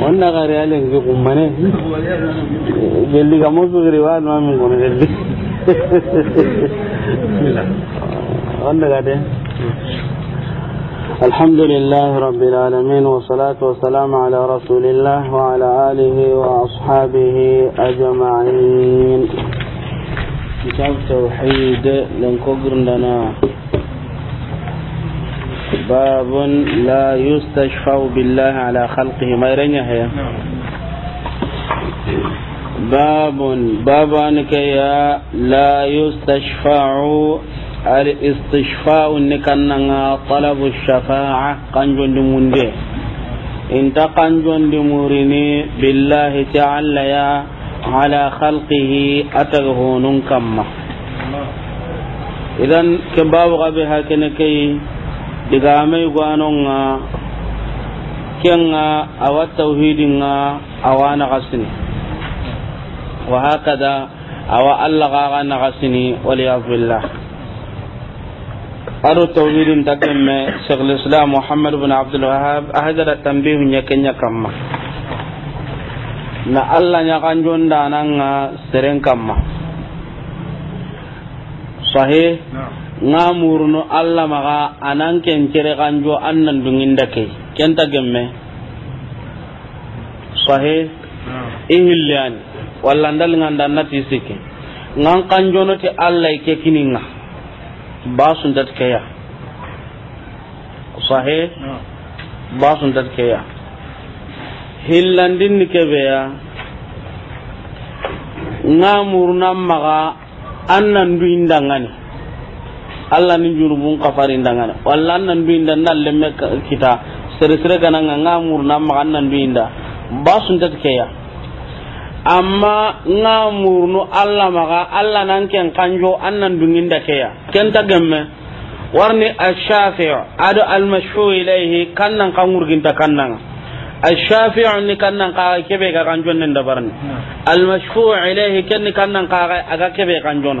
wanda gari zai kuma ne gelli ga musu gari na alma min kono gelli wanda ga dai الحمد لله رب العالمين والصلاة والسلام على رسول الله وعلى آله وأصحابه أجمعين كتاب توحيد لنكبر لنا باب لا يستشفى بالله على خلقه ما يرنيه باب باب انك يا لا يستشفع الاستشفاء نكنا طلب الشفاعة قنجون دمونده انت قنجون دمورني بالله تعالى يا على خلقه أتغهون كما إذن كباب غبها كنكي diga mai gwanonga kenga awa nga awa kasini wa hakada awa allah gaga wali waliyadu billah ado tauhidin me sheikh islam muhammad ibn abdul wahab ahadara tambihu kenya kamma na allah nan nga siren kamma sahih nga murno alla maga anan ken cere kanjo annan dungin dake ken ta gemme sahe hmm. ihillan walla ndal nganda nati sike ngan kanjo no ti alla ike kininga basun dat kaya sahe hmm. basun dat kaya hillandin ni kebeya nga murna maga annan duindangani allah ni junubun kafarin dangana walla an nan duinda nan lemme kita sere-sere kana nga nga murna maka an nan duinda inda basun ta ya. amma nga murnu allah maka allah nan ken kanjo an nan dunginda keya ken ta gemme warni ash-shafi' ado al-mashhu ilayhi kannan kangurginta kannan الشافعي ان كان قا كبي كان جون ندبرني المشفوع اليه كان كان قا اغا كبي كان جون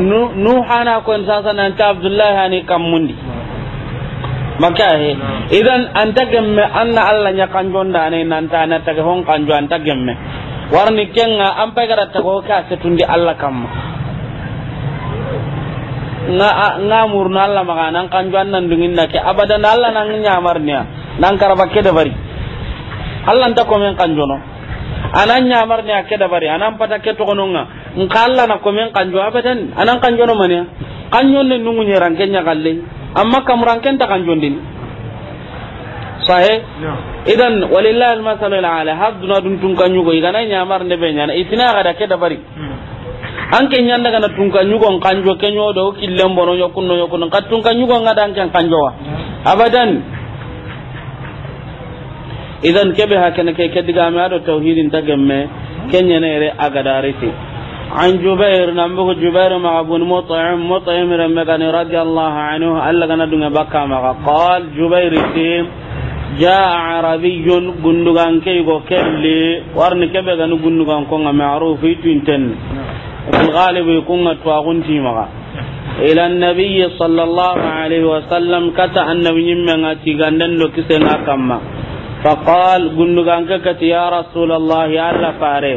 nu hana kon sasa nan ta abdullahi hani mundi maka he idan an ta gemme anna allah nya kan jonda ne nan ta na ta hon kan kanjo an ta gemme warni kenga an gara ta ko ka se tundi allah kam na na murna allah maka nan kan kanjo nan dungin na ke abadan allah nan nya marnya nan karaba ke da bari allah ta ko men kanjo no anan nyamar ne ke da bari anan pata ke to kononga nka alla na komen kanjo abadan anan kanjo no mane kanjo ne nungu ne nya galle amma kam ken ta kanjo din sahe idan walillahi almasalu ala hadduna dun tun kanjo go igana mar ne be na itina ga da ke da bari hmm. an ke daga na tun kanjo go kanjo kenyo do killen bono kunno yo kunno ka tun kanjo go ngada an kanjo wa abadan idan kebe hakana ke kediga ma do tauhidin tagamme hmm. ne re agadarite عن جبير نمبه جبير مع ابن مطعم مطعم رمكني رضي الله عنه ألا كان دون بكى قال جبير تيم جاء عربي غندغان كيغو كلي ورن كبه غن غندغان كون معروف تنتن في الغالب يكون تواغون تيما إلى النبي صلى الله عليه وسلم كتا النبي من أتيغاندن لو كسنا كما فقال غندغان كتي يا رسول الله يا الله فاري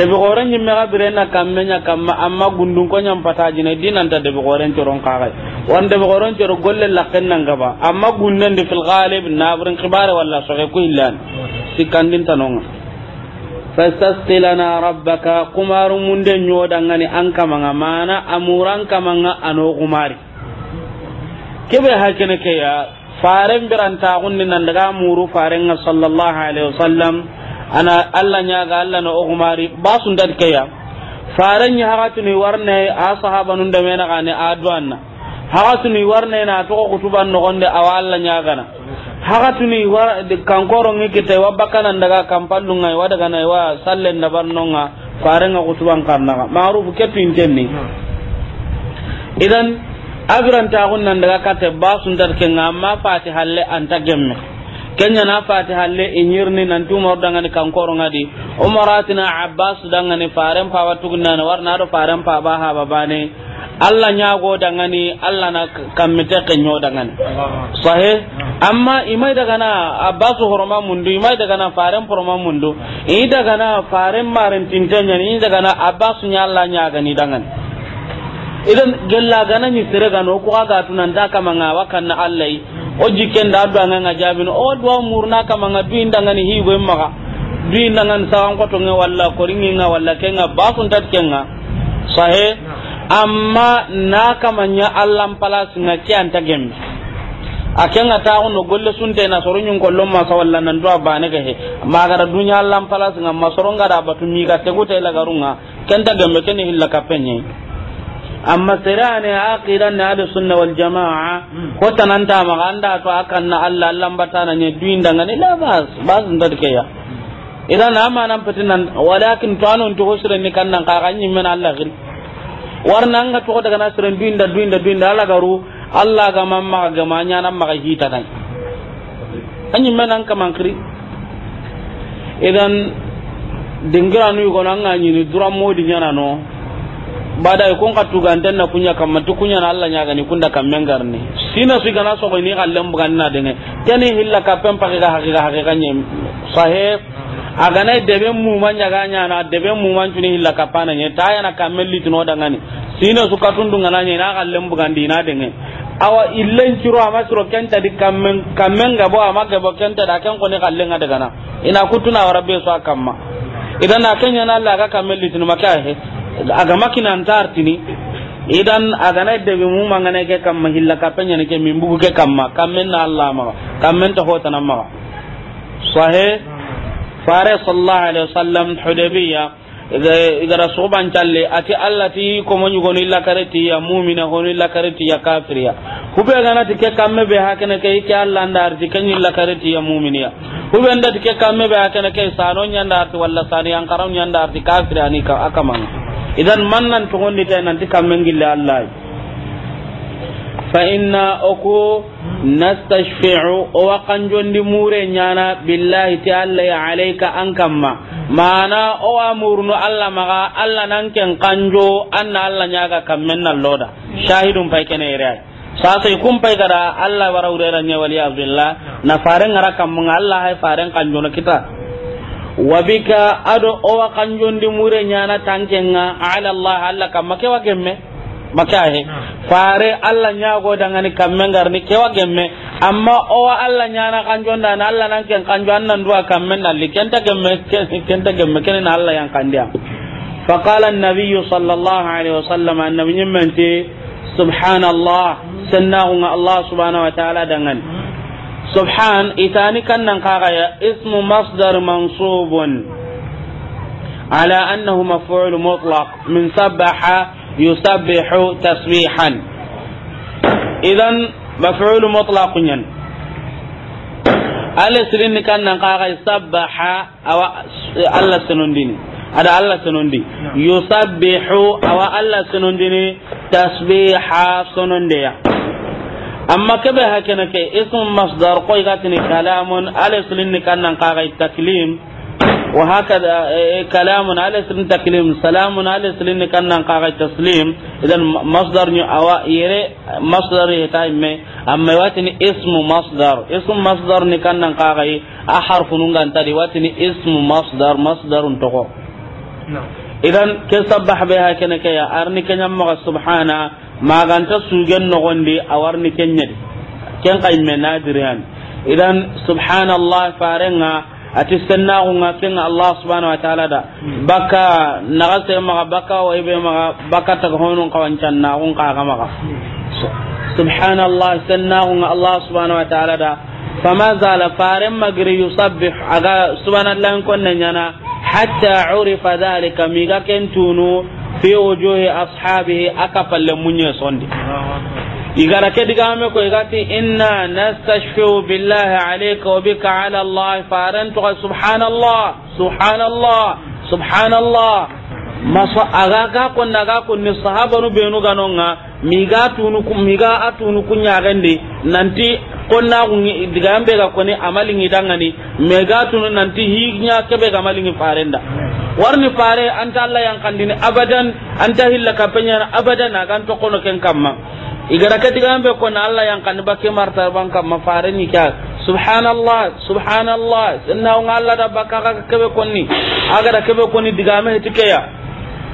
debi goren nyimme ga birena kamme nya kamma amma gundun ko nyam pataji ne dinan ta debi goren coron kaga on debi goren coro golle lakken nan gaba amma gunden de fil ghalib nabrin khibare walla soge ko illan sikandin tanonga fastasqilana rabbaka kumaru munde nyoda ngani an kamanga mana amuran kamanga ano kumari kebe hakene ke ya faren biranta gunni nan daga muru faren sallallahu alaihi wasallam ana allah ñaga allah no ogumari basuntat keya farenya hakatuni warne a sahaba nun damenakane a na hakatuni warne na togo kutuban nogonde awa allah ñagana hakatuni kankorongi kite wa bakkanan daga kampallungai wa daganai wa sallen dabarnonga farenga kutuban karnaga marufu kettuintenni idan abirantaxun nan daga kate basuntat nga amma fati halle anta gemme kenya na fati halle inyirni nan tumor dangane kankoro ngadi umaratina abbas dangane faren pawa gunana warna do faren pa ba haba bane allah nyago dangane alla na kammite kenyo dangane sahe amma imai daga na abbas horoma mundu imai daga na faren horoma mundu ini daga na faren marin tintanya ini daga na abbas nya allah nyaga ni dangane idan gella gana ni sere gano ko ga tunan da kama ngawa kan na o jikken da adwa nga nga jabi no o adwa murna kama nga duin da nga ni higo maka duin da nga ni sawan ko tonge walla koringi nga walla kenga bakun tat kenga sahe amma na kama nya allan palas nga ci anta gem kenga ta no golle sunte na sorun ko lomma sa walla nan do abane ke he magara dunya allan palas nga masoronga da batu mi ga tegute la garunga kenta gembe ken hilla penye. amma sirani aqidan na ahlus sunna wal jamaa hmm. ko tananta ma anda to akan na Allah Allah batana ne duin daga ne labas bas bas ndar ke ya hmm. idan amma nan fitinan walakin to anon to hosren ni kannan ka ganyi men Allah gir warna anga to daga sirin duin da duin da duin da Allah garu Allah ga mamma ga manya nan ma hita nan anyi men an kaman kri idan dingiranu yugo nan anyi ni duram modi nyana no bada ko ka nden na kunya kam tu kunya na Allah nya gani kunda kammen garne sina su gana so ni kallem bugan na dene tani hilla ka pem pake ga hakika hakika nyem sahe agana debe mu man nya ganya na debe mu man tuni hilla ka pana nya taya na tuno litino dangani sina su ka tundu na nya na kallem bugan na dene awa illen ciro ama siro kenta di kammen kammen gabo ama gabo kenta da kan kone kallen daga na ina kutuna wa rabbi su akamma idan na kenya na Allah ka kammen litino maka he agama kinantartini idan agana debi mangane ke kam mahilla ka hilla kappeñani ke min bugu ke kam ma kam men allah ma maga kammen ta hotanan ma sahe fare sallallahu alaihi wasallam hudabiya igara rasuban challe ati allah ti ko mo nyugo ni lakareti ya mu'mina ko ni lakareti ya kafiriya hube gana ti ke kamme be hakene ke ke allah ndar ti kenyi lakareti ya mu'miniya hube nda ti ke kamme be hakene ke sanon nyandar ti walla sani ankaram nyandar ti kafiriya ni ka akamanga idan man nan togondi ta nanti kammen gille allah fa inna aku nastashfi'u owa wa qanjondi mure nyana billahi ta'ala ya alayka an kamma mana o amurnu murnu allah maga allah nan ken kanjo anna allah nyaga men nan loda shahidun pai kene sa sai kun pai gara allah wara urera nya wali abdullah na faren ngara kam Allah hay faren kanjo na kita wabika ado o wa kanjondi mure nyana tankenga ala allah alla kamma ke wa gemme makahe ah. fare alla nyago dangani kamme ni ke wa gemme amma o wa alla nyana kanjonda na alla nan ken kanjo nan dua kamme na likenta gemme kenta gemme ken na alla yang kandia fa qala an-nabiy sallallahu alaihi wasallam an annabi nyimmente subhanallah sannahu allah subhanahu wa ta'ala dangani subhan itani kannan kagaya ismu masdar mansubun ala annahu maf'ul mutlaq min sabbaha yusabbihu tasbihan idan maf'ul mutlaq yan alla sirin kannan kagaya sabbaha awa alla sunundini ada alla sunundi yusabbihu awa alla sunundini tasbiha sunundiya amma kebe hakene ke ism masdar ko igatini kalamun ala sulinni kannan kaga taklim wa hakada e, e, kalamun ala sulinni taklim salamun ala sulinni kannan kaga taslim idan masdar ni awa yere masdar ya taimme amma watini ismu masdar ismu masdar ni kannan kaga a harfunun gantari watini ismu masdar masdarun toko idan ke sabbah be hakene ke ya arni kenyam maga subhana maganta sugen nogondi a warni kenyadi ken kayme nadiriyan idan subhanallah farenga ati sennaxunga ken allah subhanahu wa taala da bakka naxa baka bakka waybe maxa bakka taga honun ka ga maga subhanallah sennaxunga allah subhanahu wa taala da fama zala faren magri yusabbih aga subhanallah n nanyana hatta urifa dhalika miga ken tunu fi wujuhi ashabihi aka falle munye sondi igara ke diga me ko igati inna nastashfiu billahi alayka wa bika ala allah faran to subhanallah subhanallah subhanallah masa aga ga ko naga ko ni sahaba no benu ganonga miga tunu miga atunu kunya gande nanti konna kungi digambe ga kone ngi dangani mega tunu nanti hinya kebe ga amali ngi farenda warni fare anta Allah yang kandini abadan anta hilla kapenya abadan akan to kono ken kamma igara katigambe kona Allah yang kan bakke marta banka mafare ni kya subhanallah subhanallah inna on Allah da baka ka kebe konni agara kebe konni digame tikeya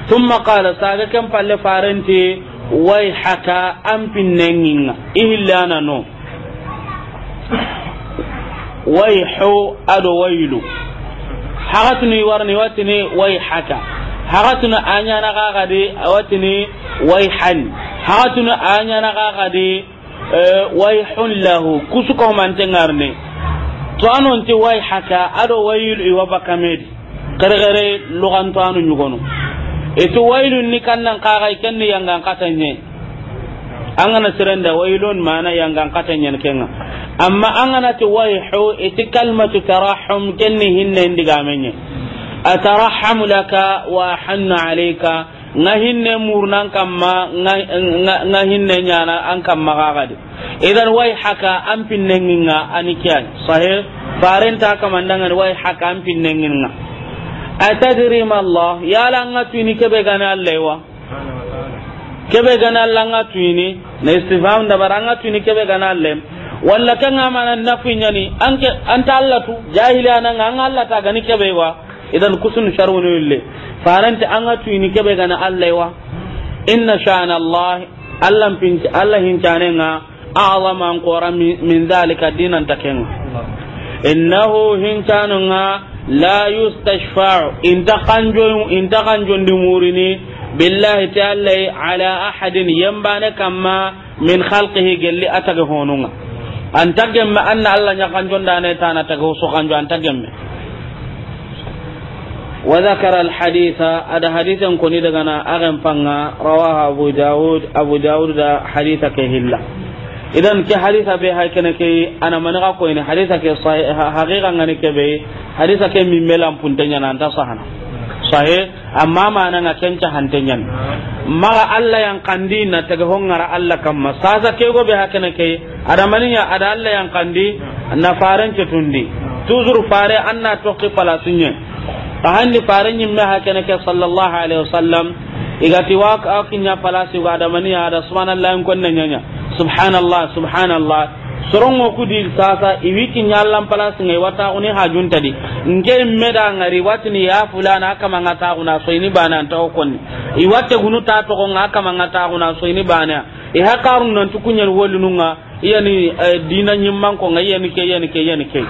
thumma qala saga kan palle farenti wai haka an pinnenginga ihillana no wai ho ado wailu hakatuni warni watini wai haka hakatuni anyana kakadi watini wai han hakatuni anyana kakadi eh, wai hun lahu kusuko mante ngarne to ti wai haka ado wailu iwa bakamedi kare kare luganto anu nyugono itu wailun ni kannan kaga kenni yangan katanye angana serenda wailun mana yangan katanye kenga amma angana tu waihu iti kalmatu tarahum kenni hinne gamenye atarahamu laka wa hanna alika nga hinne murnan kamma nga hinne nyana an kamma gagadi idan wai haka an pinnenginga anikiyan sahih farenta kamandangan wai haka an nga atadri ma Allah ya la nga tuini kebe gana Allah wa kebe gana Allah nga tuini na istifham da baranga tuini kebe gana Allah walla kan amana nafi nyani anke anta Allah tu jahili nga an Allah ta gani kebe wa idan kusun sharu sharwun yulle faranta an ga tuini kebe gana Allah wa inna sha'an Allah Allah pin Allah hincane nga a'lama an qora min zalika dinan takenga innahu hincanu nga la yustashfa'u inta kanjo inta kanjo billahi ta'ala ala ahadin yambane kamma min khalqihi gelli ataga honunga anta anna allah nya kanjo ndane tana taga so وذكر الحديث هذا حديث كوني دغنا رواه داود داود دا حديث كهلا idan ke hadisa be hay kene ke ana ga ko ina hadisa ke haqiqa ngani ke be hadisa ke min melam puntenya nan ta sahana sahih amma mana nga kenta hantenya ma Allah yang kandi na taga hongara Allah kamma masaza ke go be hakene ke ada maninya ada Allah yang kandi na faran tundi tuzur fare anna toqi palasunya tahandi faran yimme hakene ke sallallahu alaihi wasallam igati wa ka kinya palasi ga da mani ada subhanallah in konna nyanya subhanallah subhanallah sorongo di sasa iwi kinya allan palasi ngai wata uni hajun tadi nge meda ngari watini ya ah, fulana aka mangata una so ini bana ta konni iwate gunu ta to ko ngaka mangata una so ini bana e hakarun nan tukunya wolununga yani eh, dina nyimman ko ngai yani ke yani ke yani ke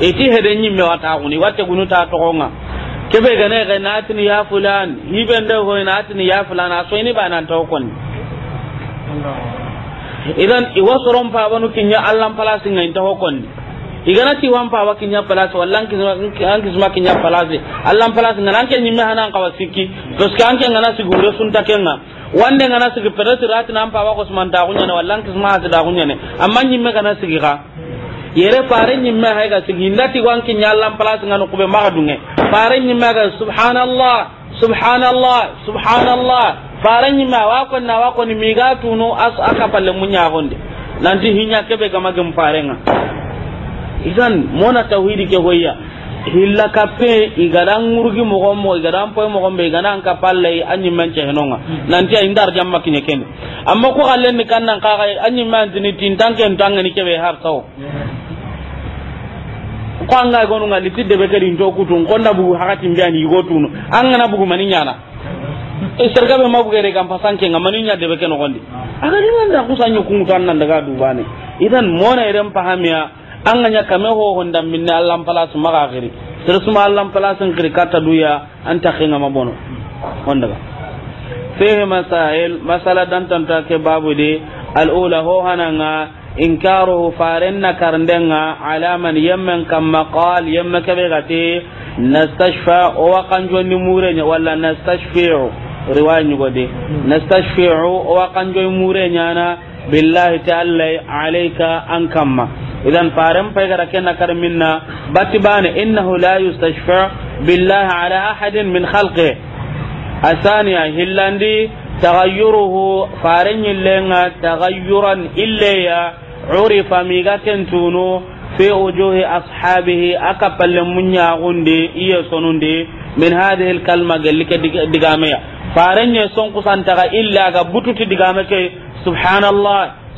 iti hede nyimme wata uni wate gunu ta to ko ngaka kebe gane ga natini ya fulan hiben da hoy natini ya fulan aso ini ba nan taw kon idan iwasoron fa banu kinya allan palasi ngai taw kon igana ti wan pa kinya palasi wallan kinya kisma kinya palasi allan palasi ngan kan nyimme hanan kawasiki to skan ke ngana gure sun takenga wande ngana sigi peresi ratina an pa ko sman ta kunya wallan kisma ta kunya ne amma nyimme kana si ka yere fare nyimme hay ga sun hindati wanki nyallan palas ngano kube pare ni ma ga subhanallah subhanallah subhanallah fare nyimme wa ko na wa ko ni miga tunu as aka palle munya honde nanti hinya kebe ga magem fare nga idan mona tauhidi ke hoya hilla kappe igada ngurgi mogon mo igada poy mogon be igada an palle anyi manche henonga nanti ay ndar jamma kinye ken amma ko galle ni kannan ka ga anyi manti ni tin tanke ntanga ni kebe har taw ko anga gonu ngali tidde be kadi to kutu konda bu hakati mbiani yugo tunu an ngana bugu mani nyana e serga be mabu re kam pasanke ngamani nya de be ken gondi aga ni manda kusanyo kungutan nan daga dubane idan mona idan pahamia an ganya kame ho honda minna allan palas maka giri sir suma allan palas kiri kata duya an ta kinga mabono honda ba fihi masail masala dan tanta ke babu de al'ula ho hananga farin na karndenga ala man yamman kamma maqal yamma kabe gati nastashfa o wa kanjo ni murenya wala nastashfi'u riwaya ni gode nastashfi'u o wa kanjo murenya na billahi ta'ala alayka an kamma idan faran paygara na kar minna bati bane innahu la yustashfa billahi ala ahadin min khalqi asaniya hillandi tagayyuruhu faran yillenga tagayyuran illayya urifa miga tuno fi wujuhi ashabihi aka munya gunde iya sonunde min hadhihi kalma gallike digameya faran ye son kusanta illa ga bututi digamake subhanallah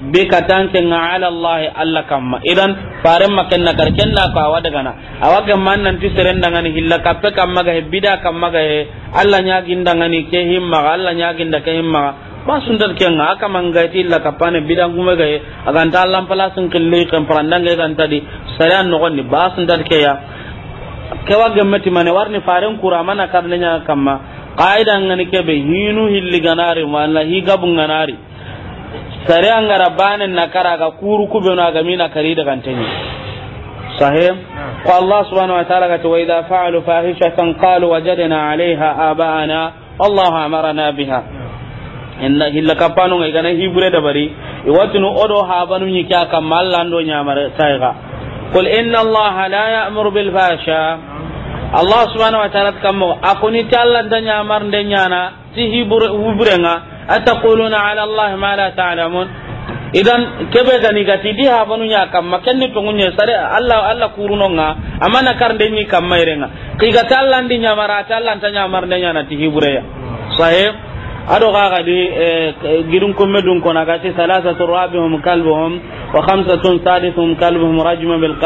bi katan ken ala allah alla kamma idan faran makan na karken la ka wa daga na awaga man nan ti seren daga ni hilla kappe kamma ga bida kamma ga alla nya ginda ni ke himma alla nya ginda ke himma ba sundar ken aka mangati la kapane bida kuma ga aga ta Allah pala sun kullu kan parandang ga kan tadi sayan no ni ba sundar ke ya ke wa gammati mane warni faren kura mana karnenya kamma qaidan ngani ke be hinu hilli ganari wala hi gabu ganari sare an gara banin na kara ga kuru kube na ga mina kari da gantani sahih ko allah subhanahu wa ta'ala ga to idza fa'alu fahishatan qalu wajadna 'alayha aba'ana allah amarna biha inna illa kapanu ngai kana hibre da bari e watunu odo ha banu nyi kya kam nya mare saiga qul inna Allah la ya'muru bil fahsha allah subhanahu wa ta'ala kammo tallan da nya mar denya na ti hibure nga ataquluna ala allah ma la idan kebe gani gati di ha banu nya kamma kenni to ngunya sare allah allah kuruno nga amana karde ni tallan di nya mara tallan mar nya na ya sahib ado ga ga di kalbuhum wa khamsatun kalbuhum bil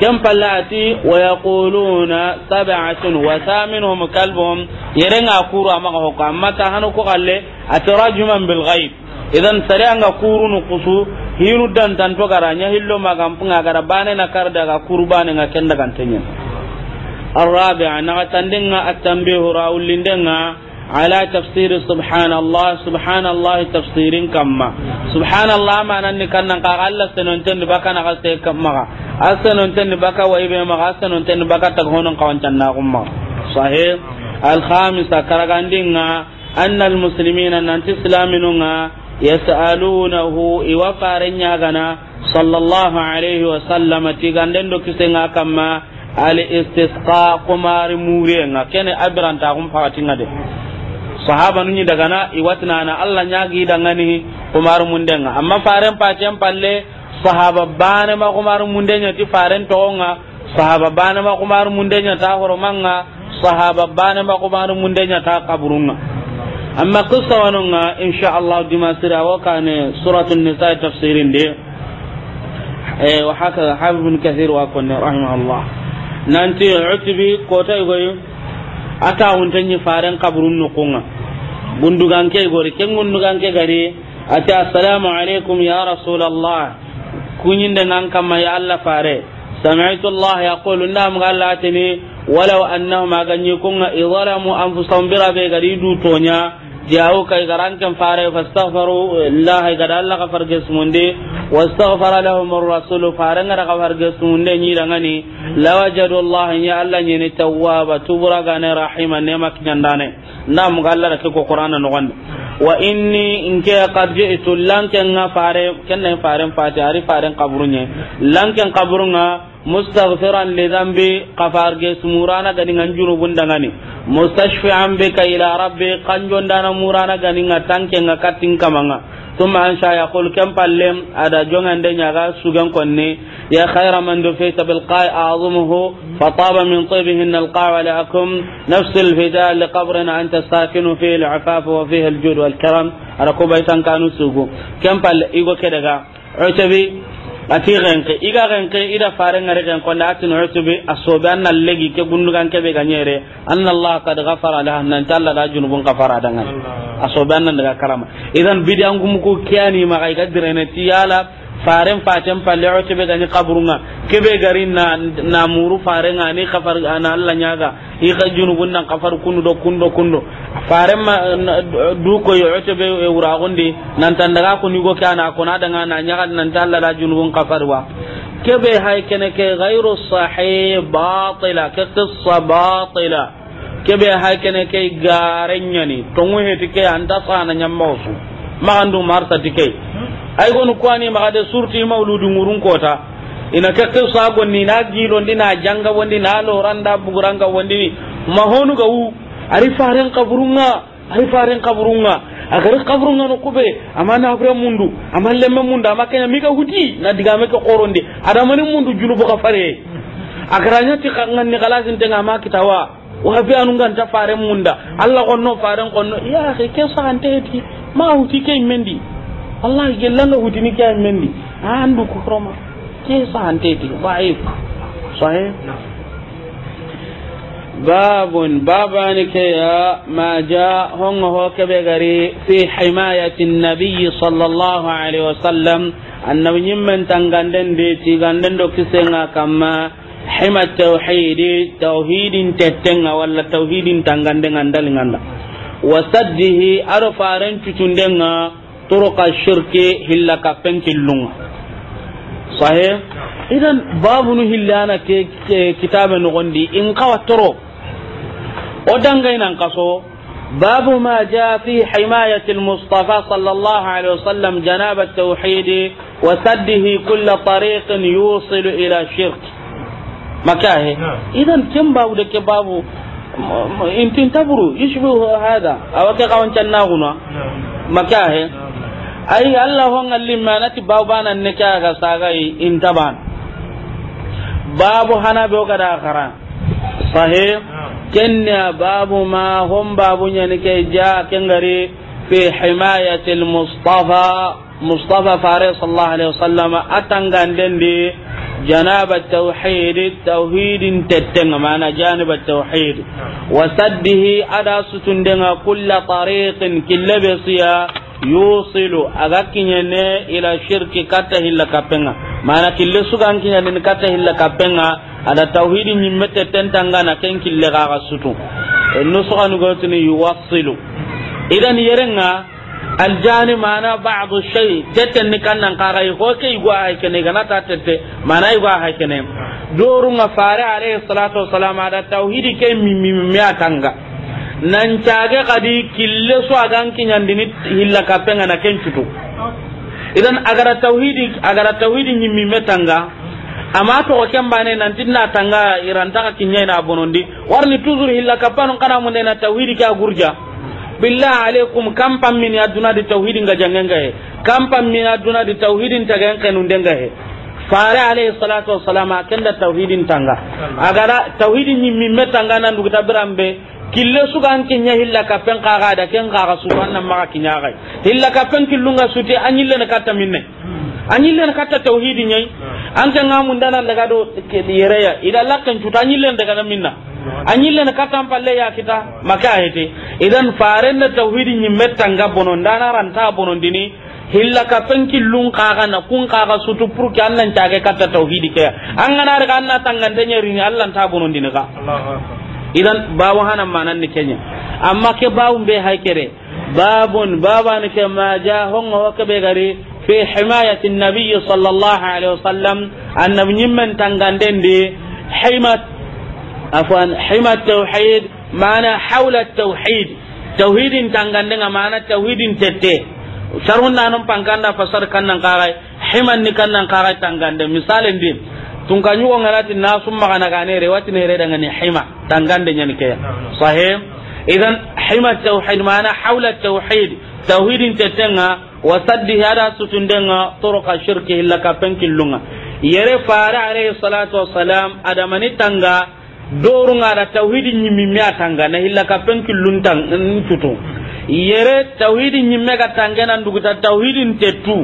كم فلاتي ويقولون سبعة وثامنهم كلبهم يرنا كورو أما هو أما تهانو كغلة أتراجما بالغيب idan sare anga kurunu kusu dan tan to garanya hillo magam punga gara bane na kar daga kurbane nga kenda kan tenya على تفسير سبحان الله سبحان الله تفسير كما سبحان الله ما نن كان قال الله سننتن بكا نغسي كما أسننتن بكا وإبه ما أسننتن بكا قون قوان تناغم صحيح الخامسة كرغاندينا أن المسلمين أن تسلامنا يسألونه إوفارن يغنا صلى الله عليه وسلم تيغاندن دو كسين كما al istisqa kumari muriyenga kene abiranta kum fakatinga sahaba nunyi daga na iwatina na Allah nyagi dangani kumar mundenga amma faren pacen palle sahaba bane ma kumar mundenya ti faren tonga sahaba bane ma kumar mundenya ta horomanga sahaba bane ma kumar mundenya ta kaburunga amma qissa wanunga insha Allah di masira wa kane suratul nisa tafsirin de eh wa haka habibun kathir wa kunna rahimahullah nanti utbi kota goyi ata huntanyi faran kaburun nukunga bunduganke gori ken gunduganke gari ati assalamu alaikum ya rasulallah kunyinde ngan kamma ya allah fare sami'tu allah yaqulu ndam galla atini walau annahum aganyikunga idhalamu anfusahum birabe gari du jawu kai garan kan fare fastaghfaru lillahi gada Allah ka farge sumunde wastaghfara lahum ar-rasul faran ga farge sumunde ni dangani lawajadu Allah ya Allah ne ne tawwaba tubura ga ne rahiman ne makin dane na mu ga Allah da ke Qur'ana no ganda wa inni in ke qad ji'tu lankan fare kan ne faren fati ari faren kaburunye lankan kaburunga mustaghfiran li dhanbi kafar ge sumurana gani ngan junubun mustashfi'an bika ila rabbi kanjon dana murana gani ngatanke ngakatin kamanga thumma an sha yaqul kam pallem ada jongan de nyaga sugan ya khaira man do fi sabil qa'i a'zamuhu fa taba min tibihin al qa'a lakum nafs al fida li qabrin anta sakinu fi al afaf wa fihi al jud wal karam ara ko baitan kanu sugu kam pal igo kedaga utabi ati renke iga renke ida fare ngare ken ko latin usubi asobe anna legi ke gundugan ke be ganyere anna allah kad ghafara lahu nan talla da junubun ghafara dangan asobe anna daga karama idan bidan gum ko kiyani ma kai direne tiyala faren facen falle o tebe gani kaburunga kebe gari na na muru farenga ni kafar ana Allah nyaga i ka junubun nan kafar kunu do kundo kundo faren ma du ko yo tebe e wura gondi nan tandaga ko ni go kana ko na daga na nyaga nan talla la junubun kafar wa kebe hay kene ke ghairu sahih batila ke qissa batila kebe hay kene ke garenyani tongu hetike anda sana nyammosu ma andu marsa tikai hmm? ay gonu kwani ma ade surti mauludu ngurun kota ina ka sa gonni na gilon dina janga wondi na lo randa buguranga wondi ma honu ga u ari faren kaburunga ari faren kaburunga agar kaburunga no kube amana abre mundu amal lemme mundu amakanya mika hudi na diga meka qoronde mani mundu julu ka fare agaranya ti kangan ni kala sin tenga makitawa wa bi anunga ta faren munda allah konno faren konno ya ke sa anteti ma huti ke mendi allah gellanno hutini ke menni andu ko kroma ke sahanteti daif sahih babun babani keya ma ja honga ho kebe gari fi himayati nabiyyi sallallahu alaihi wasallam annabi nyimmen tanganden de ti ganden do kisenga hima tauhidi tauhidin tettenga walla tauhidin tanganden andal nganda wasaddihi طرق الشرك هلا كفن كلون صحيح اذا باب هلا انا كتاب نغندي ان قوى الطرق ودنگين انقصو باب ما جاء في حماية المصطفى صلى الله عليه وسلم جناب التوحيد وسده كل طريق يوصل إلى الشرك مكاهي نعم. إذا كم باب دك بابو intin taburu يشبه هذا awake kawan canna مكاهي makahe نعم. ay allah hon ngalli manati babana ne ka ga sagai intaban babu hana be ga da khara sahih kenya babu ma hon babu ne ke ja ken gari fi himayati al mustafa mustafa fare sallallahu alaihi wasallam atangan dende جناب التوحيد التوحيد تتنغ معنا جانب التوحيد وسده أدا ستندنغ كل طريق كل بصيا yusilu aga kinyane ila shirki kata hilla kapenga mana kille suga kinyane ni kata hilla kapenga ada tauhidi nyimmete tentanga na ken kille ga sutu enno suga ni gotini yuwasilu idan yerenga aljani mana ba'du shay tete ni kannan qara ko ke igwa hay kene gana ta tete mana igwa hay kene doru fare alayhi salatu wassalam ada tauhidi ke mimmi mi atanga nan caage kadi kille su agan kiñandini hilla kappenga na ken cutu idan agara tawhidi agara tawhidi ñimmimme tanga ama toxo ken bane nantinna tanga iran irantaka kiñayna bonondi warni toujours hilla kappanu kana mundena tawhidi ke a gurja billah alaikum kam pammini aduna di tawhidi nga jangenga he kam pammini aduna di tawhidin tagen kenundenga he fare alayhi salatu wassalam a kenda tawhidin tanga agara tawhidi ñimmimme tanga nanduguta biranɓe kille sugan kinya hilla kapen kaga da ken kaga su nan maka kinya kai hilla kapen killunga te anyille na katta minne anyille na katta tauhidi nyai hmm. an kan ngamun dana daga do yere ya ida lakkan cuta anyille daga na minna hmm. anyille na katta palle ya kita maka hete idan faren na tauhidi nyimme tanga bonon dana ranta bonon dini hilla kapen killun kaga na kun kaga sutu pour ki annan ga katta tauhidi ke an ngana daga anna tangandenya ni Allah ta bonon dini ka allah akbar idan babu hanan manan ni kenya amma ke babun be haikere babun baba ni ke ma ja hon hongo ke be gari fi himayati nabiy sallallahu alaihi wasallam annabi nyimmen tanganden de himat afwan himat tauhid mana haula tauhid tauhidin tangandenga mana tauhidin tete sarun nanon pangkanda fasar kannan kagai himan ni kannan kagai tanganden misalin din tun kan yugo ngana tin na summa kana kane re wati ne re daga ni hima tangan de nyani ke sahim idan hima tauhid mana haula tauhid tauhidin tetenga wa saddi hada sutundenga turuqa shirki illa ka penkin lunga yere fara alayhi salatu wassalam adamani tanga dorunga da tauhidi nyimmi me atanga na illa ka penki luntang ntutu yere tauhidi nyimme ka tangena nduguta tauhidin tetu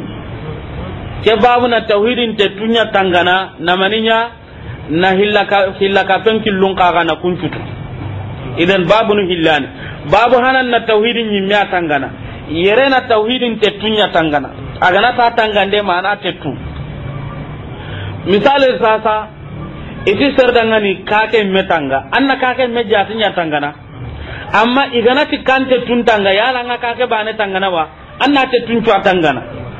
ke na tauhidin te tunya tangana na maninya na hillaka hillaka pen killun kaga na kuncutu idan nu hillani babu hanan na tauhidin yimmya tangana yere na tauhidin te tunya tangana agana ta tangande mana te tu misali sasa iti ka kake metanga anna kake mejatinya tangana amma iganati kante tanga yala nga kake bane tangana wa anna te tuncu tangana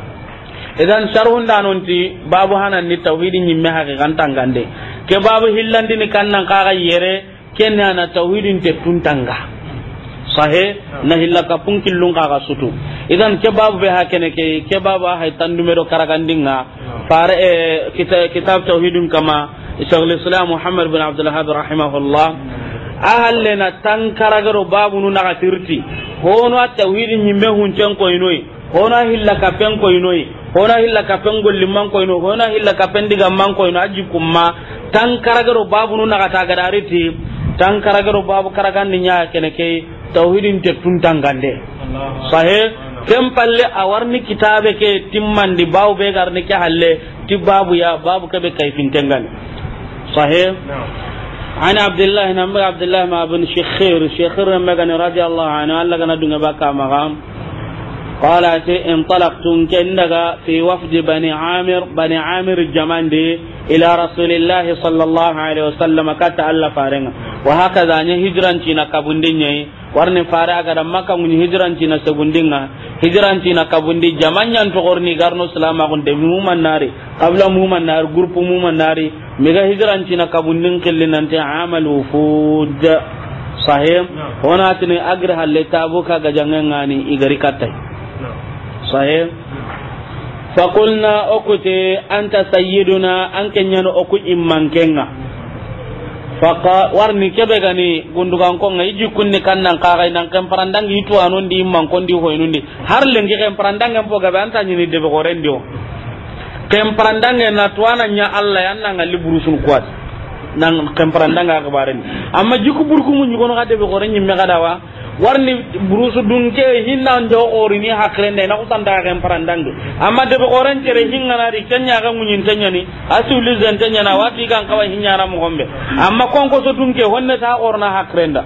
idan sharhun da nonti babu hanan ni tauhidi me haƙi kan tangande ke babu hillandi ni nan kaga yere ken na tauhidin te tun tanga sahe hmm. na hilla ka pun lun kaga sutu idan ke babu be hakene ke ke babu hay tan numero karagandinga hmm. fare e kitab tauhidin kama isagul islam muhammad bin abdul wahhab rahimahullah ahal na tan babu nu na tirti hono tauhidin nyimme hun cen koynoy hona hilla kapen inoi hona hilla kapen ko koyno hona hilla kapen ko koyno aji kumma tan karagaro babu nuna nagata gadariti tan karagaro babu karagan ni nya kene ke tauhidin te tun tangande sahe ken palle awarni kitabe ke timmandi babu be garne ke halle ti babu ya babu ke be kayfintengani sahe عن عبد الله نمر عبد الله ما بن شخير شخير نمر رضي الله عنه قال لك ندون بكا مغام قال أتي انطلقت كندغا في وفد بني عامر بني عامر الجماندي إلى رسول الله صلى الله عليه وسلم كتألا فارنا وهكذا ني هجران تينا كابونديني warni fare agada maka mun hijrantina segundinga hijrantina kabundi jamanyan togorni garno salama gunde muman nari qabla muman nari groupe muman nari mega hijrantina kabundin killinante amal wufud sahim honatini agri halle tabuka gajangen ngani igari kattai sahih fakulna okute anta sayyiduna an kenyano oku immankenga faka warni kebe gani gundukan ko ngai jikunni kannan kaga nan kan parandang itu anon di imman kon di hoynundi har lengi kan parandang kan poga anta nyini debe gorendio kan parandang na tuana nya Allah yan nan ngali burusun kuat nan kan parandang ga kabaren amma jiku burku mun yugo no ga debe warni burusu dunke hinna njo orini hakrende na kusanda ga parandang amma de boren tere hinna na di kenya ga munyin tanya ni asuli zan tanya na wati kan kawai hinna na mu gombe amma kon ko so dunke honne ta orna hakrenda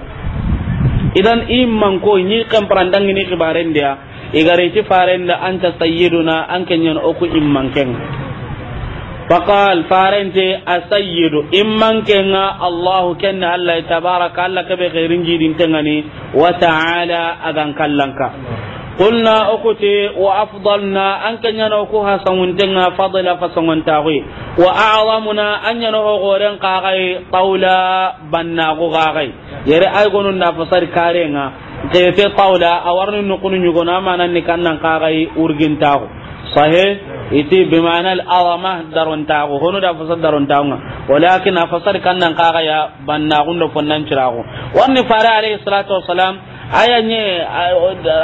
idan imman ko ni kan parandang ni kibaren dia igare ti farenda anta sayyiduna an kenyan oku imman kenga فقال فارنت السيد إمن كان الله كان الله تبارك الله كبه غير جيد تنغني وتعالى أذن كلنك قلنا أكتي وأفضلنا أن كان ينوكوها فضل فضلا فسمونتاغي وأعظمنا أن ينوه غورين قاغي طولا بناغو غاغي يري أيقون النفسر كارينا كيفي طولا أورن نقول نيقونا ما ننكنا قاغي أورجنتاغو صحيح iti bimana al'azama darontaku hono da fasar darontaku walakin a fasar kan nan kaga ya banna da fonnan ciraku wani fara alayhi salatu wassalam ayanye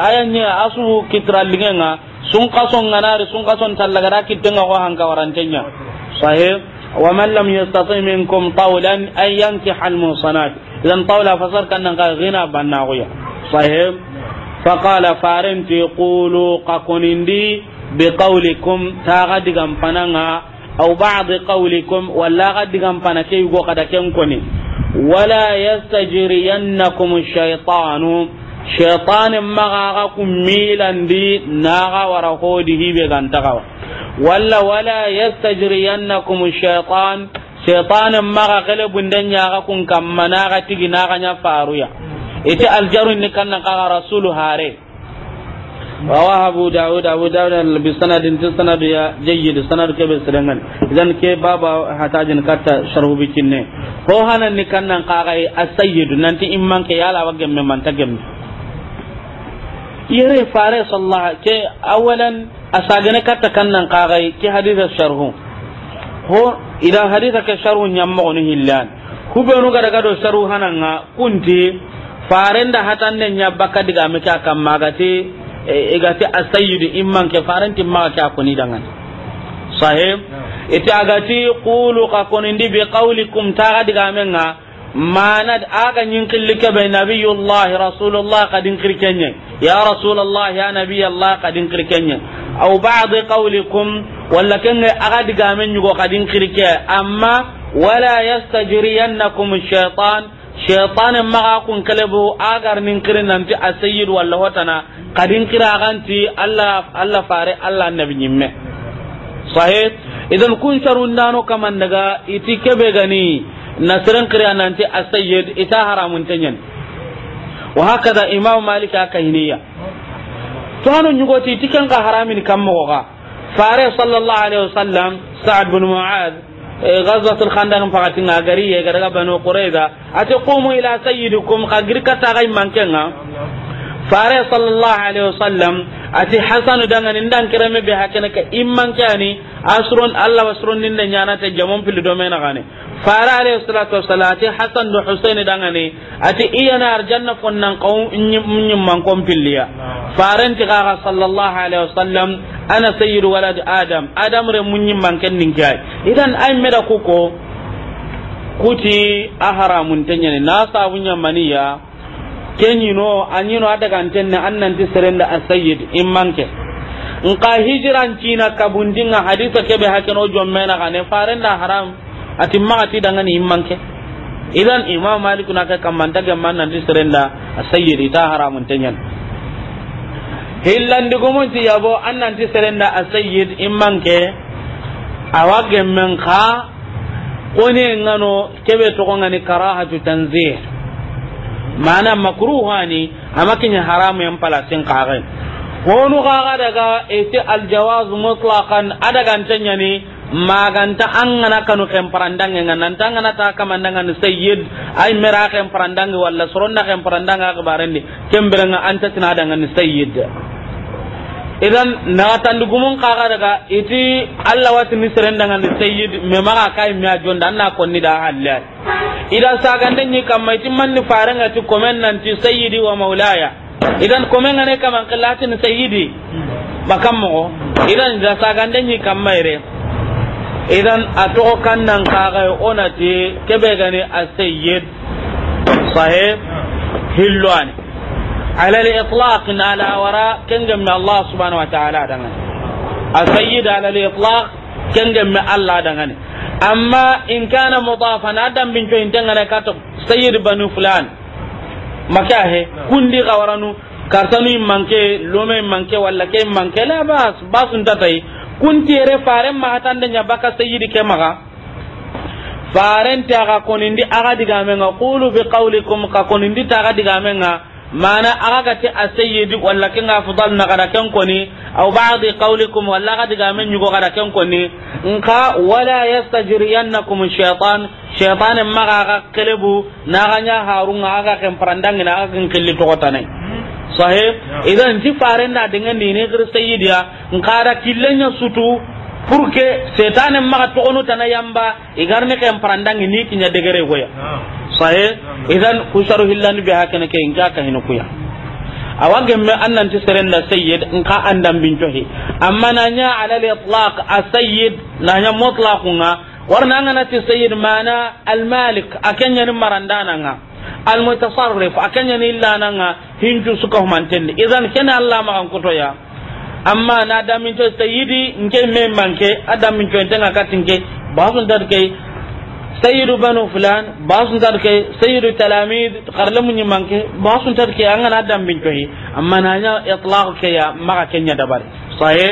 ayanye asu kitralingenga sun kason ganari sun kason da kitin ko hanka warantenya sahih wa man lam yastati minkum tawlan ومن لم يستطع منكم طولا أن ينكح المحصنات إذا طولا فصار كان غنى بناغية صحيح فقال فارنتي قولوا qakunindi Bi biqaulikum taga digam pananga aw ba'd qaulikum walla ga digam panake yugo kada ken koni wala yastajriyannakum ash-shaytanu shaytan magaga kum milandi naga wara hodi hibe gantaga walla wala yastajriyannakum ash-shaytan shaytan maga kale bundan yaga kun kamma naga tigi naga nya faruya Ita aljarun ni kanna kaga rasulu hare rawaha abu daud abu daud bi sanadin tin sanadu ya jayyid sanad ke be sedangan idan ke baba hatajin katta sharhu bikinne ko hanan ni kannan qagai as-sayyid nanti imman ke yala wagem men mantagem yere fare sallallahu ke awalan asagane katta kannan qagai ke hadith sharhu ho ida hadith ke sharhu nyammo ni hillan hubenu gada gado sharhu hananga kunti farenda hatande nyabaka diga meka kamagati igati e, e asayidu imman ke faranti ma ka kuni dangan sahib ita agati qulu ka kuni ndi bi qawlikum ta ga diga menga manad aga nyin killike be nabiyullah rasulullah kadin kirkenye ya rasulullah ya nabiyullah kadin kirkenye aw ba'd qawlikum walla a aga diga men nyugo kadin kirke amma wala yastajriyannakum shaytan shaytanin maga kun kalebo agar nin kirin nan ti asayid walla hotana kadin kira ganti Allah Allah fare Allah annabi nyimme sahih idan kun sharun dano kaman daga iti kebe gani nasran kira nan ti asayid ita haramun tanyen wa hakada imam malik aka to hanu nyugo ti tikan ka haramin kan mo ga fare sallallahu alaihi wasallam sa'ad bin mu'adh غزوة الخندق فقطنا غريه غرغ بنو قريظة أتقوموا إلى سيدكم قد كتا غير من كنا fare sallallahu alaihi wasallam ati hasanu dangani ndan kirame be hakene ka imman kani asron allah wasron nin da yana ta jamon fil do mena gane fare alaihi salatu wassalam ati hasan do husain dangani ati iyana arjanna fonnan qawm nyim man kom filiya. faran ti ga sallallahu alaihi wasallam ana sayyidu walad adam adam re mun man ken nin kai idan ay meda kuko kuti aharamun tanyane na sabunya maniya kenyino anyino adagantenna annanti serenda asayid immanke nka hijirantina kabundinga hadisa ke kebe hakeno jommena gane farenda haram ati magati dangani immanke idan imam malik na ka manta ga gamman nan serenda asayid ta haramun tenyan hillandi gumunti yabo annanti serenda asayid immanke awa men ka kone ngano kebe to tokongani karahatu tanzih mana makruhani ni haramu yan palasin kare honu kaga daga ete aljawaz mutlaqan adaga antanya ni maganta angana kanu kemparandange ngananta na ta kamandangan sayyid ay mera kemparandange walla soronda kemparandange akbarende kemberenga anta tinada ngan sayyid idan tandi gumun kaga daga iti allah wati da serendangandi sayyid me maga kay me a jonda anna konni da halle ida sagande ni kamma iti manni farenga ti komen nanti sayyidi wa maulaya idan komen ngane kaman qillati ni sayyidi bakam mo idan da sagande ni kamma ire idan atoko kannan kaga onati kebe gani as-sayyid sahib hillwani ala al-itlaq ala wara kanga mi Allah wa ta'ala danga as-sayyid ala al-itlaq kanga mi Allah danga ne amma in kana mudafan adam bin ko intanga ne kato sayyid banu fulan maka he kundi gawaranu kartanu manke lome manke walla ke manke la bas basun tatai kunti ere faren ma hatande nya baka sayyid ke maga faren ta ga konindi aga digamenga qulu bi qawlikum ka konindi ta ga digamenga mana aga gati asayidi walla ken afdal na kada ken koni aw ba'di qawlikum wallaka diga men yugo kada ken koni nka wala yastajriyannakum shaytan shaytan ma ga kelebu na ganya harun aga ken parandang na aga ken kelli to kota nai sahib idan ti faren da ne dine in ka da killenya sutu pour que setane maga togono tana yamba igarne kem parandangi ni kinya degere goya sahe idan kusharu hillani bi hakana ke inja ka hinu kuya awage me annan ti serenda sayyid in ka bin amma nanya ala al itlaq asayyid nanya mutlaqunga warna ngana ti sayyid mana al malik akanya ni marandana nga al mutasarrif akanya ni illana nga hinju suka humantendi idan kena allah ma kutoya amma na damin to sayyidi nke men manke adamin to nke katinke dar darke sayyidu banu fulan dar darke sayyidu talamid karlamu ni manke basun darke an ana damin to amma na ya itlaq ke ya maka kenya dabare sahe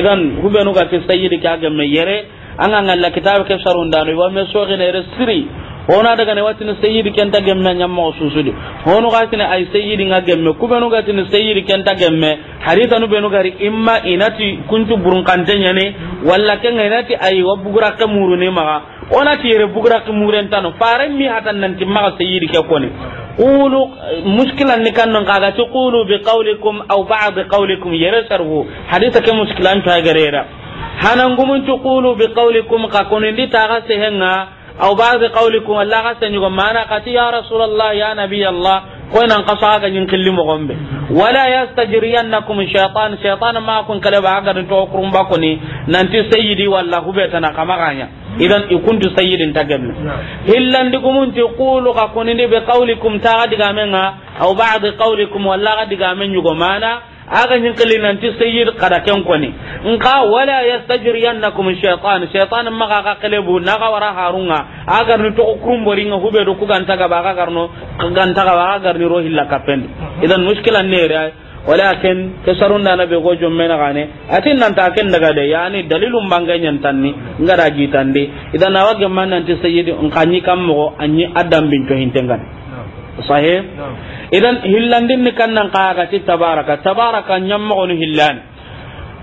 idan hubenu ka ke sayyidi ka ga me yere an an Allah kitab ke sharun dano wa me so gina yare siri hona daga ne watin sayyidi kenta gemme nyam mo susudi hono ga tin ay sayyidi nga gemme ku ga tin sayyidi kenta gemme hadita nu benu gari imma inati kuntu burun kantenya ne walla kenga inati ay wabugura muru ne ma ona ti tire bugura muren tanu faran mi hatan nan ti ma sayyidi ke koni qulu mushkilan ni kannon kaga ti qulu bi qawlikum aw ba'd qawlikum yarasarhu hadita ke mushkilan ta garera hanan gumun tuqulu bi qawlikum ka konin ditaga sehenga aw ba'd qawlikum alla qasan yugum mana qati ya rasulullah ya nabiy allah ko nan qasa ga nyin killi mo gombe wala yastajriyannakum shaytan shaytan ma kun kala ba ga to kurum ba koni nanti sayyidi walla hubeta na kamaganya idan ikuntu sayyidin tagamme hillandi kumun ti qulu ka kunini bi qawlikum ta diga menga aw ba'd qawlikum walla diga men yugo mana aga hin kalinan ti sayyid qadaken koni nka wala yastajriyannakum shaytan shaytan maga ka kalebu na ga wara harunga agar ni to kurumbori nga hube do kuganta ga baga garno kuganta ga baga garni ro kapen idan mushkilan ne ra walakin kasarun da nabi go jomme na gane atin nan ta ken daga de yani dalilun banganyan tanni da gitande idan na wage man nan ti sayyid nkanyi kam mo anyi adam bin to hintengan sahih idan hillandin ni kannan kaga ti tabaraka tabaraka nyamma on hillan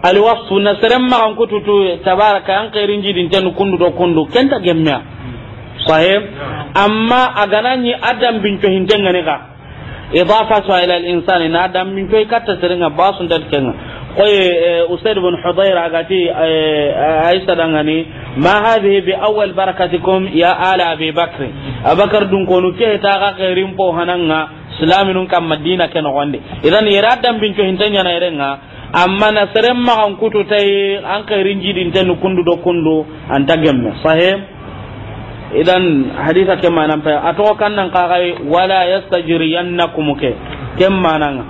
al wasfu nasaram ma kan kututu tabaraka an qairin jidin tan kundu do kundu kenta gemmiya sahib amma agananyi adam bin to hindanga ne ka idafa sa ila al insani na adam bin to katta seringa basun dat kenga قوي أستاذ بن حضير أغاتي عيسى دنغني ما هذه بأول بركتكم يا آل أبي بكر ke ta كيه qairin po hananga silaminun kam madina ke nogonde idan ira dambinco hintenyana erenga amma na seren maxan kutu tay an kairin jidinteni kundu do kundu anta gemme sahe idan hadisa ke manan pay a toxo kan nan kaxay wala yastajiriyannakum ke ken mananga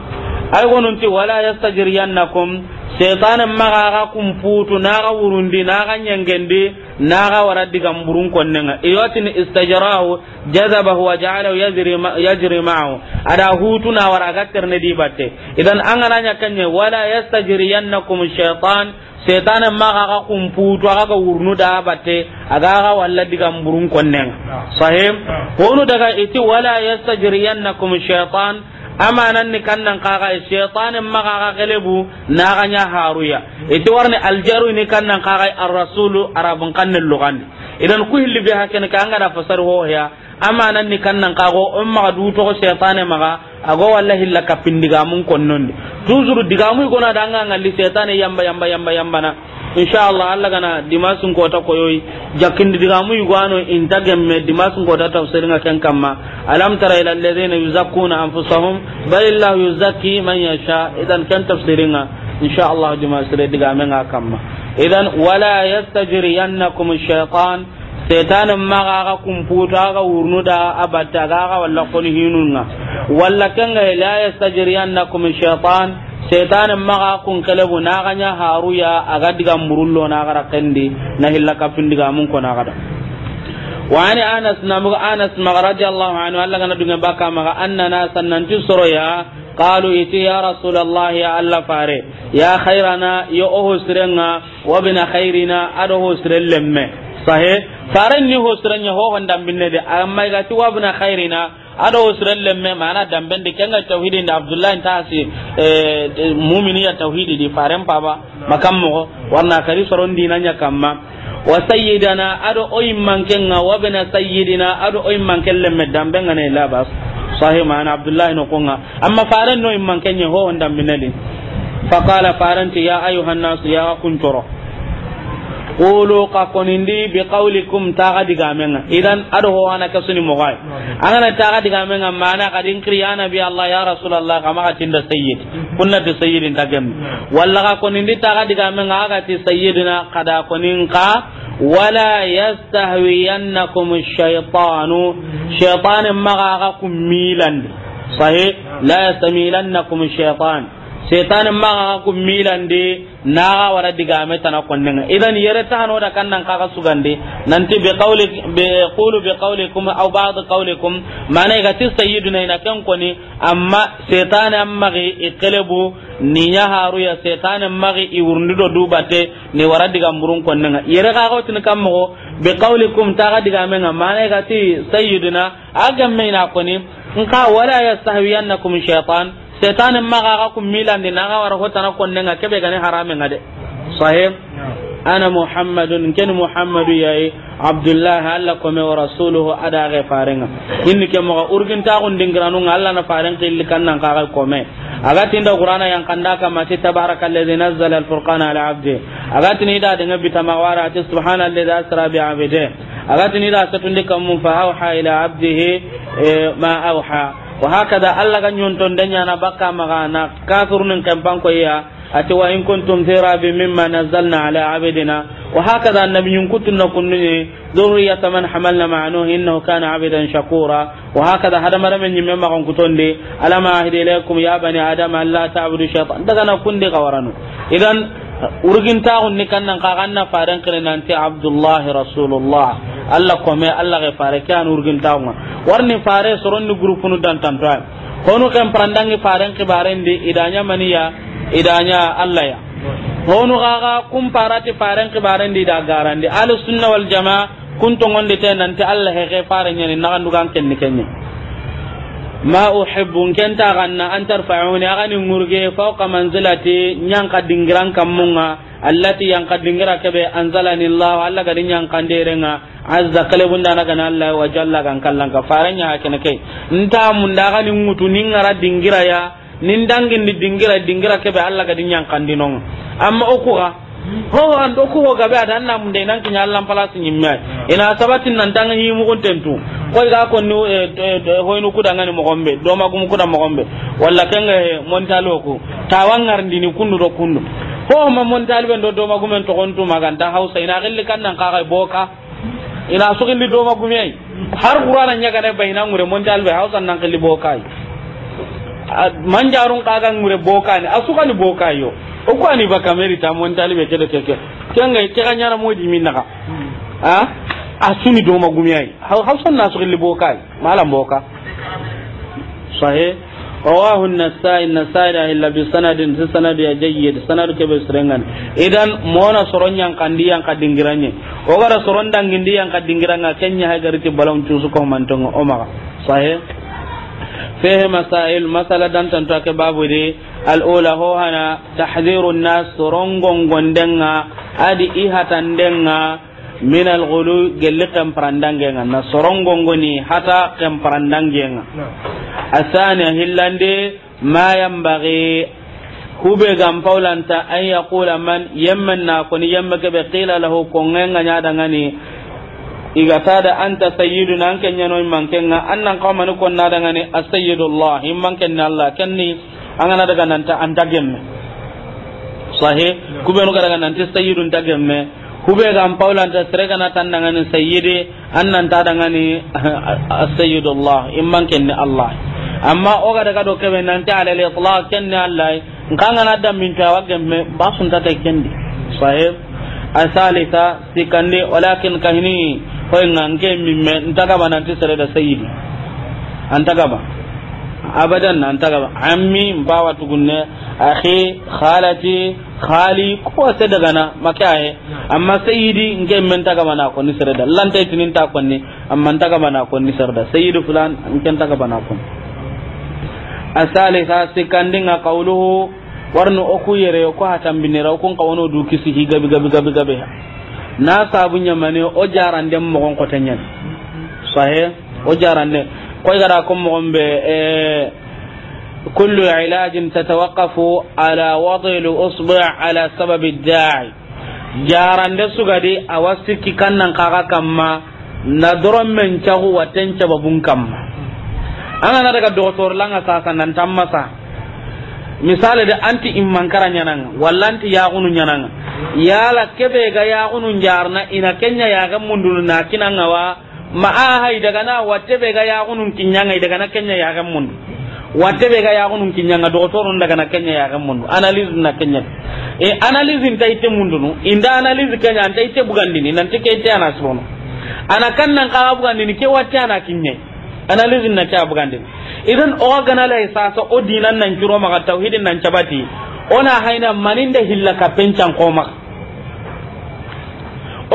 ay ti wala yastajiriyannakum shaytanan magaga kumputu naga wurundi naga nyangendi naga waraddi gamburun konnenga iyotin istajarahu jazabahu wa ja'alahu yajri yajri ma'ahu ada hutu na waraga terne di batte idan angana nyakanye wala yastajriyannakum shaytan shaytanan magaga kumputu aga wurnu da batte aga ga walla diga mburun konnenga sahim honu daga iti wala yastajriyannakum shaytan amanan ni kannan kaga eh, shaytanin ma ka kelebu na ganya haruya ita warne aljaru ni nan kaka eh, ar-rasulu arabun nan lugan idan ku hilli bi hakan ka anga da fasar ho ya amanan ni nan kago a maka du to shaytanin maka ago wallahi la kapindiga mun konnon tuzuru digamu gona da anga ngalli shaytanin yamba yamba yamba yamba na insha Allah Allah gana dimasun kota koyoyi jakin diga mu yugano ta gemme dimasun kota tafsirin ga ken kamma alam tara ila alladhina yuzakkuna anfusahum bal illahu yuzakki man yasha idan kan tafsirin insha Allah dimasire diga men kamma idan wala yastajriyannakum ash-shaytan setanin maga kumputa ga wurnu da abata ga ga walla kon hinunga walla ga la yastajriyannakum shaytan setanin maga kun kalebu na ganya haruya aga diga murullo na ga kandi na hilla kafin diga mun ko na gada وعن anas نمغ انس مغ رضي الله عنه الله كان دغ باكا مغ اننا سننت سريا قالوا اتي يا رسول الله يا الله فاري يا خيرنا يا اوه سرنا وابن خيرنا ادوه سر اللمه sahe faran ni hosiranya ho wanda binne de amma ga ti wabna khairina ado hosiran lemme mana damben de kenga tauhidi da abdullahi ta si eh, mu'mini ya tauhidi di faran baba makam mo wanna kari soron dinanya kamma wa sayyidana ado oyin mankenga wabna sayyidina ado oyin manken lemme damben ngane labas sahe mana abdullahi no konga amma faran no imman kenye ho wanda binne de faqala faranti ya ayuha an-nas ya kuntoro qulu qaqonindi bi qawlikum taga digamenga idan ado ho ana kasuni mogay angana taga digamenga mana kadin kriyana bi allah ya rasul allah kama katinda sayyid kunna bi sayyidin tagam walla qaqonindi konindi taga digamenga aga ti sayyidina qada konin ka wala yastahwiyannakum ash-shaytanu shaytan maga ka kumilandi sahih la yastamilannakum ash-shaytan setan ma ku de na wara diga me tan konnga idan yere ta oda da kannan ka ka sugande nanti bi qawli bi qulu bi qawlikum aw ba'd qawlikum mane ga ti sayyiduna ina kan ni amma setan amma ge iqlabu ni nya haru ya setan amma gi iwurndi do dubate ni wara diga murun konnga yere ka ko tin kam mo bi qawlikum ta ga diga me mane ga ti sayyiduna agam me ina ko ni ka wala yastahwiyannakum shaytan setan ma ga ga kum milan ni naga wara hota na konne nga kebe gane harame nga de ana muhammadun ken muhammadu yayi abdullah alla ko me rasuluhu ada ga farenga inni ke mo urgin ta gun dingranu nga alla na faren ke likan nan ka ga ko me aga tinda qur'ana yang kanda ka ma ti tabarakallazi nazzala alfurqana ala abdi aga tinida de ngabi tamawara subhana subhanallazi asra bi abide aga tinida satun dikam mun fa ila abdihi eh, ma auha wa hakada allah ga nyonton danya na bakka magana kafirun kan banko ya ati wa in kuntum fi rabi mimma nazzalna ala abidina wa hakada annabiyyun kuntunna kunni dhurriyatan man hamalna ma'anu innahu kana abidan shakura wa hakada hada maramen nyimme ma kutonde alama ahdi ilaykum ya bani adam alla ta'budu shaytan daga na kawaranu idan urgin urgintaxunni kannan faran kare nan ti abdullahi rasulullah allah kome allah xe fare ke an urgintaxunga warni fare ni grupu soronni groupenu dantanto ay honu faran ke baren di idanya maniya idanya allah ya honu xaxa kun parati baren di dagaran di ahlu sunna wal jamaa kun togondi te ti allah hexe fare ñani naxandugan kenni kenñe ma uhibbu kenta ganna an tarfa'uni agani murge fawqa manzilati nyanka dingiran kamunga allati yanka dingira kebe anzalani allah alla gadi nyanka nderenga azza kale bunda na gana allah wa jalla kan kallan ka faranya hakene kai nta munda agani ngutu ningara dingira ya nin dangin dingira dingira kebe alla gadi nyanka ndinonga amma okuga ho an do ko gabe adan na mun de nan kinya Allah pala sin yimme ina sabatin nan dan yi mu kun kontentu ko ga ko no ho no dan ngani mo gombe do ma gum ku dan mo gombe walla kanga mon talo ko tawangar ni kunu do kunu ho ma mon talbe do do ma gum en to kontu maganta hausa ina gelle kan nan ka ga boka ina su gelle do ma gum yi har qur'ana nya ga ne bayina ngure mon talbe hausa nan gelle boka bokai manjarun kaga ngure boka ne asuka ni boka yo o ko ani ba kameri ta mon talibe ke de keke kenga ke ga nyara modi min naka hmm. ha a suni do ma gumi ai ha son na so le bokai malam boka sahe rawahu an na an-nasai illa bi sanadin si sanadi jayyid sanad ke be serengan idan mona soron yang kandi yang kadingiranye o gara soron dangindi yang kadingiranga kenya ha gariti balon cusu ko mantongo o maka sahe فيه مسائل مثلا دان تنتو بابو دي الاولى هو هنا تحذير الناس رونغون غوندنغا ادي إيها تندنغا من الغلو قل براندانغا الناس رونغون غوني حتى كم براندانغا الثانية هلاندي ما ينبغي kube gam paulanta an yaqula man yamman na kun yamma ke be qila lahu kun nganya dangani igatada anta sayyiduna an allah an ana daga nan ta an dagemme sahi kubenu daga nan ta sayyidun dagemme kube ga paula ta sirega na tan ne sayyidi annan ta daga ne as-sayyidullah mankenni allah amma o ga daga do kebe nan ta alal allah kan ana da min ta wagemme basun ta ta kendi sahi asalita walakin kahini koy nan ke mimme ntaga ba nanti sere da sayyidi antaga ba abadan nan taga ba ammi bawa tugunne akhi khalati khali ko sai daga na makaye amma sayyidi nke men taga na ko ni sere da lanta tinin ta ko ni amma taga na ko ni sere da sayyidi fulan nken taga bana ko asalisa sikandinga kauluhu warnu oku yere ko hatambinira ko kawno du kisi gabi gabi gabi gabi na sabu nyamane o jarande mo gon ko tanyen sahe o jarande ko gara ko mo gombe e eh, kullu ilajin tatawaqqafu ala wadil al-usbu' ala sabab ad-da'i jarande sugadi awasiki kannan kaga kamma na doron men cahu waten cababun kamma an ana daga doktor langa sasa nan tammasa misali da anti immankara ñananga walla anti yaxunu ñananga yala kebe ga yaxunu jarna ina kenya ga mundunu na kinanga wa ma a hay daga na watte be ga yaxunun kinyanga daga na kenya ga mundu watte be ga kinyanga do dogotorun daga na kenya ga mundu analyse na kenya e analyse inta ite mundunu inda analyse kenya anta ite bugandini nan ke ite ana sono ana kannan kawa bugandini ke watte ana kinñe analyse na ta a bugandini idan o gana sasa o dinan nan kiro maka tauhidin nan cabati ona haina manin da pencan koma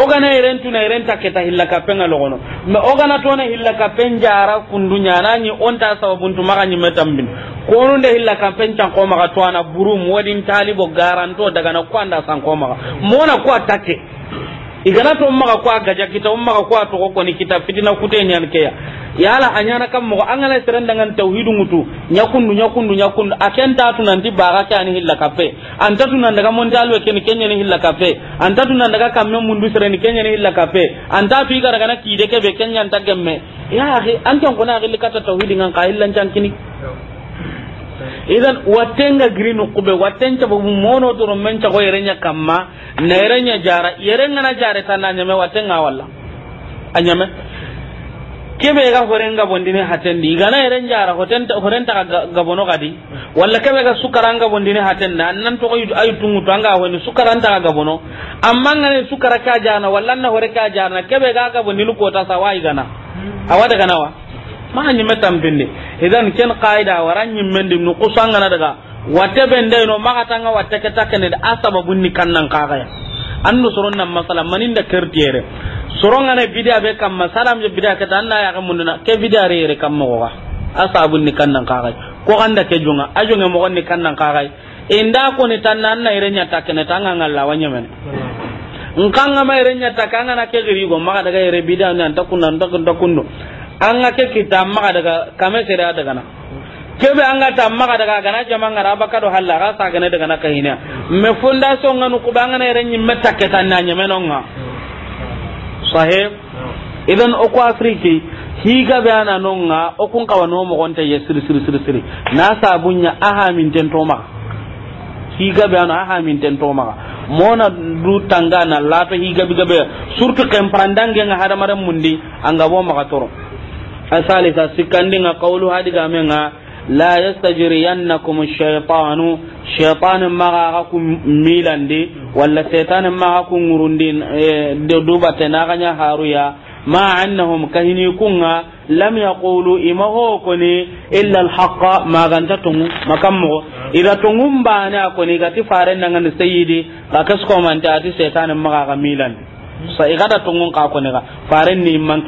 iren tuna iren ta keta hilla penga logono ma o na hilla ka penja ara kundunya nani on ta maka da ka pencan koma ka burum wadin talibo garanto daga na kwanda san koma mona kwa take igana to maga kwa gaja kita maga kwa to ko ni kita fitina kute yan an keya yala anyana kam mo angana seren dengan tauhidu ngutu nyakundu nyakundu nyakundu aken ta tu di baga ke ani hilla kafe anta tu nan daga mondial ke ni kenya ni hilla kafe anta tu nan daga kamme mundu seren ni kenya ni hilla kafe anta tu igara kana kide ke be kenya anta gemme ya akhi an kan kona hilla kata tauhidin kan ka hilla kini idan watenga grinu kube waten ta bu mono to men ta ko yerenya kamma na yerenya jara yerenga na jara tan na nyame watenga walla anyame kebe ga horenga bondine hatendi igana yeren jara hoten ta horen ta ga bono kadi walla kebe ga sukaranga bondine na nan to koy ayu tungu tanga woni sukaranta ga bono amma ngane sukara ka jana walla na hore ka jana kebe ga ga bondinu kota sawai gana awada wa ma nyimme tampindi idan ken qaida waran nyimme ndim nu kusanga na daga wate bende no maka nga wate kene da asaba bunni kannan kaga annu soron nan masala manin da kertiere soron ne bidia be kam masalam je bidia kata anna ya munna ke bidia re re kam mo asabun ni kannan kaga ko anda ke junga ajunga mo ni kannan kaga inda ko ni tanna anna irenya ta kene tanga ngalla wanya men nkanga ma ire nya takanga na ke giri go maka daga ire bidia nan takunna takunno an ga ke kita maga daga kame sere daga na kebe an ga ta maga daga gana jama'an ga rabaka do halla ga sa gane daga na kahina me funda so nganu ku banga na renyi metta ke tan na nyame nonga sahib idan o ko afriki higa be ana nonga o kun kawa no mo gonta ye sir sir sir sir na sabunya aha min ten ma higa be ana aha min ten to ma mona du tanga hi lato higa biga be surtout kan prandange nga hada maram mundi anga bo ma toro asalisa sikkandinga qawlu hadigamenga la yastajriyannakum shaitanu shaitanu maga ku milandi maga ngurundi e, dubate naganya haruya ma annahum kahini kunga lam yaqulu imaho koni illa maganta tungu makammo ida tungum gati faren nangan sayyidi bakas ati maga milandi sa igada tungun ka koni ga faren ni man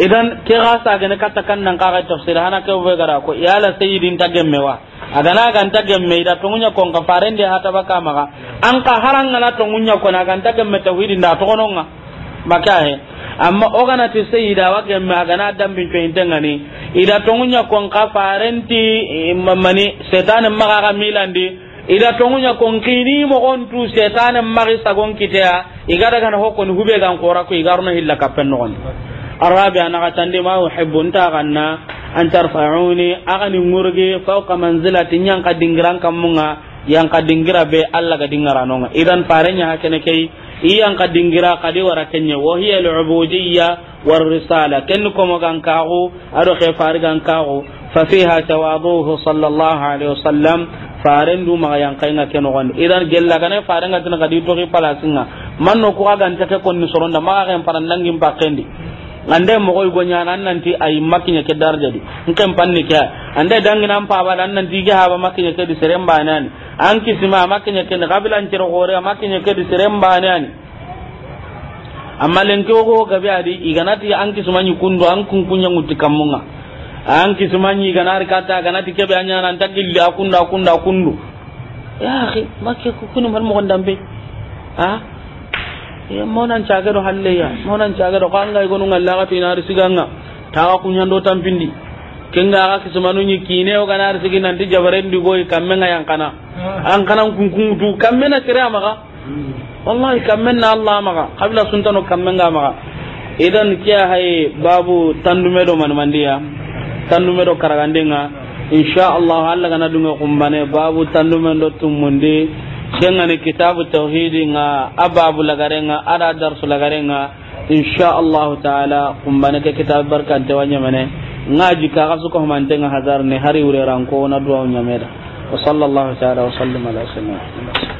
idan ke ga sa gane katta kan nan ka tafsir hana ke be gara ko yala sayyidin gemme wa ga gan tagemme da to munya kon ka farende hata baka maka an ka haran na to munya kon gan tagemme tawhidin da to kononga maka he amma ogana ti sayyida wa gemme bin dambin to intengani ida to munya kon ka ti eh, mani setan ga milan di ida to munya kon kini mo on tu setan mari sagon kitea igada kana hokon hubega gan kora ko igarno hilla kapen no الرابع أنا غتندي ما أحب أنت أغنى أن ترفعوني أغني مرغي فوق منزلة ينقى دنجران كمونا ينقى دنجرا بي ألا دنجرانونا إذن فارنيا هكذا كي iyan ka dingira kadi wara kenya wa hiya al-ubudiyya war risala ken ko mo gan kago ado ke far gan kago fa fiha tawaduhu sallallahu alaihi wasallam faren du ma yan kai na ken gon idan gella gane faren ga tan kadi to ki palasinga man no ko ga gan take kon ni soronda ma ga kan paran nangim pakendi ande mogoy goñana an nanti ay makinya ke darjadi nken panni ke ande danginan pabaɗa an nanti ige haba ke di seremba nan an ke a makkiña an tiro gore a ke di seremba nan amma lenke wogo gabe adi iganati an kisimañi kundu an kunkuñangutti kammunga an kisimañi iganari katta aganati keɓe a ñananta gilli a kundu akunda akunda a ya akhi makke kunu mal mo dambe ha monan cageɗo halleya monan cageɗo ko anga gonu ka finari siganga tawa kuñando tampindi kenga ka kismanu nyi kine o ganar sigi nanti jabarendi boy kamme nga kana an kana kunkun du kamme na kira maga wallahi kamme na allah maga kabila suntano kamme nga maga idan kiya hay babu tandume do man mandiya tandume do karagandenga insha allah allah kana dunga kumbane babu tandume do tumundi kengani kitabu tauhidi nga ababu lagarenga ada darsu lagarenga insha Allah taala kumbane ke kitabu barkante wanya mene ngaji ka kasu ko mante nga hazar ne hari ure ranko na duwa nya meda wa sallallahu taala wa sallama ala sayyidina